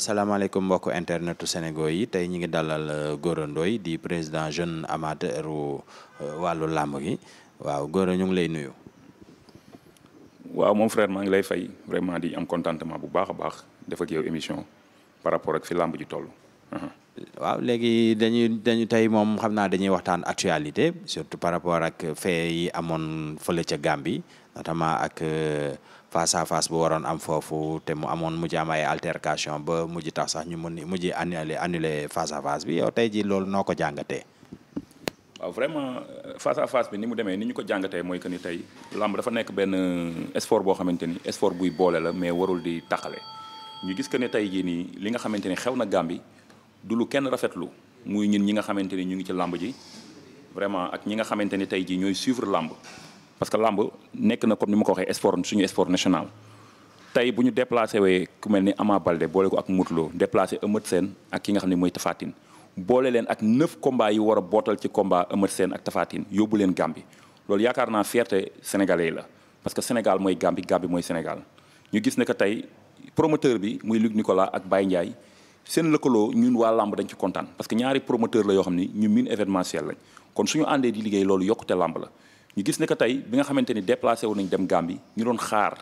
salaamaaleykum mbokku internetu Sénégal yi tey ñi ngi dalal euh, Gora Ndoye di président jeune amateur euh, wàllu làmb gi waaw Gora ñu ngi lay nuyu. waaw moom frère maa ngi lay fay vraiment di am contentement bu baax a baax def ak émission par rapport ak fi làmb ji toll. waaw léegi dañuy dañu tey moom xam naa dañuy waxtaan actualité surtout par rapport ak fee yi amoon fële ca Gambie notamment ak euh, face à face bu waroon am foofu te mu amoon mu am ay altercation ba mujj tax sax ñu mën mujj annulé annulé face à face bi tey ji noo ko jàngatee. vraiment euh, face à bi ni mu demee ni ñu ko jàngatee mooy que ni tey làmb dafa nekk benn euh, sport boo xamante ni sport buy boole la mais warul di taxale ñu gis que ne tey jii nii li nga xamante ni xew na Gambie. du lu kenn rafetlu muy ñun ñi nga xamante ni ñu ngi ci làmb ji vraiment ak ñi nga xamante ni tey jii ñooy suivre làmb parce que làmb nekk na comme ni ma ko waxee sport suñu sport national. tey bu ñu déplacé wee ku mel ni amaa Baldé boole ko ak Modou Lo déplacé Eumeu Sène ak ki nga xam ne mooy tafaatin boole leen ak neuf combats yi war a bootal ci combat Eumeu seen ak tafaatin yóbbu leen gàmbi loolu yaakaar naa fierté sénégalais yi la parce que Sénégal mooy Gambie Gambie mooy Sénégal ñu gis ne que tey promoteur bi muy Luc Nicolas ak Baye Ndiaye. seen lëkkaloo ñun waa làmb dañ ci kontaan parce que ñaari promoteur la yoo xam ni ñu miin événementiel lañ kon suñu àndee di liggéey loolu yokkute làmb la ñu gis ne que tey bi nga xamante ni déplacé wu nañ dem Gambie ñu doon xaar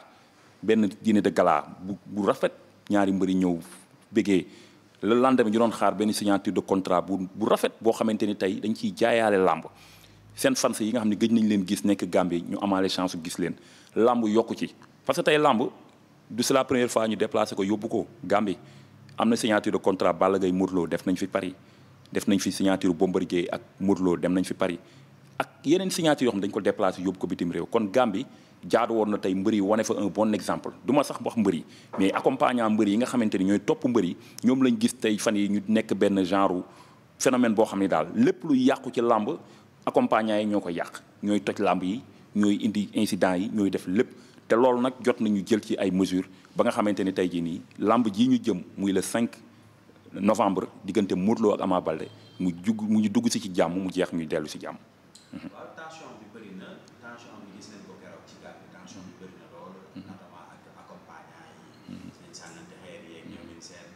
benn dîner de gala bu bu rafet ñaari mbëri ñëw bégee la lendemain ñu doon xaar benn signature de contrat bu bu rafet boo xamante ni tey dañ ciy jaayaale làmb seen fans yi nga xam ne gëj nañ leen gis nekk Gambie ñu amaale chance gis leen làmb yokku ci parce que tey làmb du c'est la première fois ñu déplacé ko yóbbu ko Gambie am na signature de contrat Balla Gaye Modou def nañ fi Paris def nañ fi signature Bombardier ak Modou Lo dem nañ fi Paris ak yeneen signature yoo xam dañ ko déplacé yóbbu ko bitim réew kon Gambie jaar woon na tey mbër yi wane fa un bon exemple duma sax wax mbër yi mais accompagnant mbër yi nga xamante ni ñooy topp mbër yi ñoom lañu gis tey fan yi ñu nekk benn genre phénomène boo xam ne daal lépp lu yàqu ci làmb accompagnant yi ñoo ko yàq ñooy toj làmb yi ñooy indi incident yi ñooy def lépp te loolu nag jot nañu jël ci ay mesures ba nga xamante ni tey jii nii làmb jii ñu jëm muy le 5 novembre diggante Modou ak Ama Baldé mu jug mu ñu dugg si ci jàmm mu jeex ñu dellu si jàmm. waaw tension bi bëri na tension bi gis nañ ko keroog ci gàll bi bëri na lool. Mhm. notamment ak accompagnant yi. Mhm. sànnante xeer yeeg ñoom mhm. seen.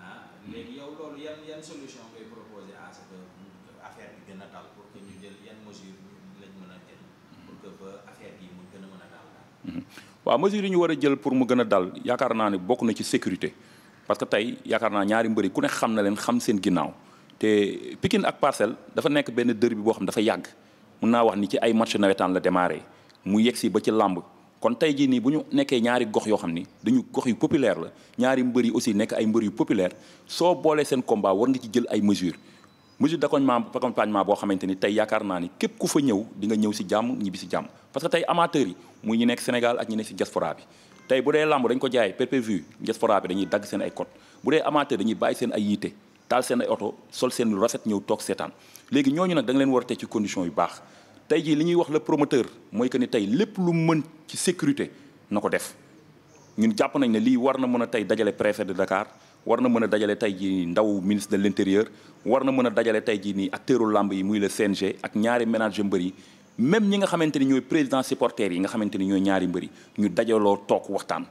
Ah, léegi yow loolu yan yan solution ngay proposer à que affaire bi gën a dal pour que ñu jël yan mesure lañ mën a jël pour que ba affaire bi mu gën a mën a dal daal. waaw mesure yi ñu war a jël pour mu gën a dal yaakaar naa ne bokk na ci sécurité parce que tey yaakaar naa ñaari mbëri ku ne xam na leen xam seen ginnaaw te Pikine ak Parcelles dafa nekk benn bi boo xam ne dafa yàgg mun naa wax ni ci ay match nawetaan la démarré mu yegg si ba ci làmb kon tey jii nii bu ñu nekkee ñaari gox yoo xam ni dañu gox yu populaire la ñaari mbër yi aussi nekk ay mbër yu populaire soo boolee seen combat war nga ci jël ay mesures mesure d'accompagnement accompagnement boo xamante ni tey yaakaar naa ni képp ku fa ñëw di nga si jàmm ñibbi si jàmm parce que tey amateurs yi muy ñu nekk Sénégal ak ñu nekk si diaspora bi tey bu dee lamb dañ ko jaay PPV diaspora bi dañuy dagg seen ay code bu dee amateur dañuy bàyyi seen ay yiite taal seen ay oto sol seen lu rafet ñëw toog seetaan léegi ñooñu nag da nga leen war a teg ci condition yu baax tey jii li ñuy wax le promoteur mooy que ni tey lépp lu mën ci sécurité na ko def ñun jàpp nañ ne lii war na mën a tey dajale préfet de Dakar war na mën a dajale tey jii ndaw ministre de l' war na mën a dajale tey jii nii acteuru làmb yi muy le CNG ak ñaari ménage mbër yi même ñi nga xamante ni ñooy président supporters yi nga xamante ni ñooy ñaari mbëri ñu dajaloo toog waxtaan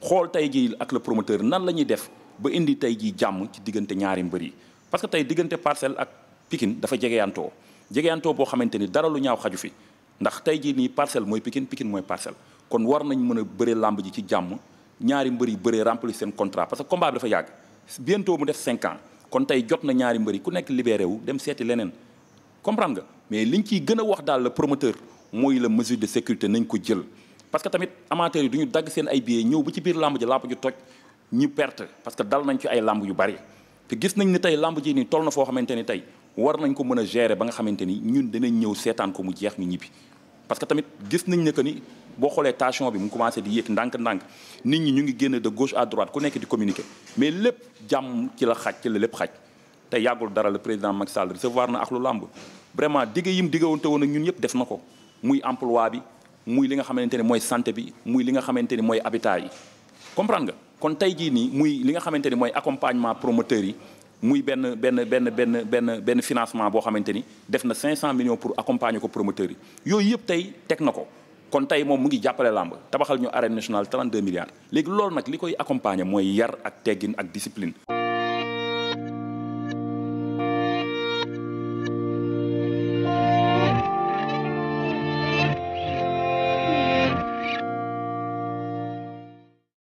xool tey jii ak le promoteur nan la ñuy def ba indi tey jii jàmm ci diggante ñaari mbër yi parce que tey diggante Parcelles ak Pikine dafa jegeyantoo jegeyantoo boo xamante ni dara lu ñaaw xaju fi ndax tey jii nii Parcelles mooy Pikine Pikine mooy Parcelles kon war nañ mën a bëre làmb ji ci jàmm ñaari mbër yi bëree remplir seen contrat parce que combat bi dafa yàgg bientôt mu def cinq ans kon tey jot na ñaari mbëri ku nekk libéré wu dem seeti leneen comprendre nga mais liñ ciy gën a wax daal le promoteur mooy la mesure de sécurité nañ ko jël parce que tamit amateurs yi duñu dagg seen ay billets ñëw ba ci biir làmb ji làmb ji toj ñu perte parce que dal nañ ci ay làmb yu bari te gis nañ ni tey làmb ji nii toll na foo xamante ni tey war nañ ko mën a gérer ba nga xamante ni ñun dinañ ñëw seetaan mu jeex ñu ñibbi parce que tamit gis nañ ne que ni boo xoolee tension mu commencé di ndànk-ndànk nit ñi ñu ngi génn de gauche à droite ku nekk di communiquer mais lépp jàmm ci la xaj ci la lépp xaj te yàggul dara la président Macky Sall recevoir na ak lu làmb vraiment digg yim diggante woon ak ñun yëpp def na ko muy emploi bi muy li nga xamante ne mooy santé bi muy li nga xamante ne mooy habitat yi comprendre nga kon tey jii nii muy li nga xamante ni mooy accompagnement promoteur yi muy benn benn benn benn benn benn financement boo xamante ni def na cinq 500 millions pour accompagner ko promoteurs yi yooyu yëpp tey teg na ko kon tey moom mu ngi jàppale làmb tabaxal ñu national nationale 32 milliards léegi loolu nag li koy accompagner mooy yar ak teggin ak discipline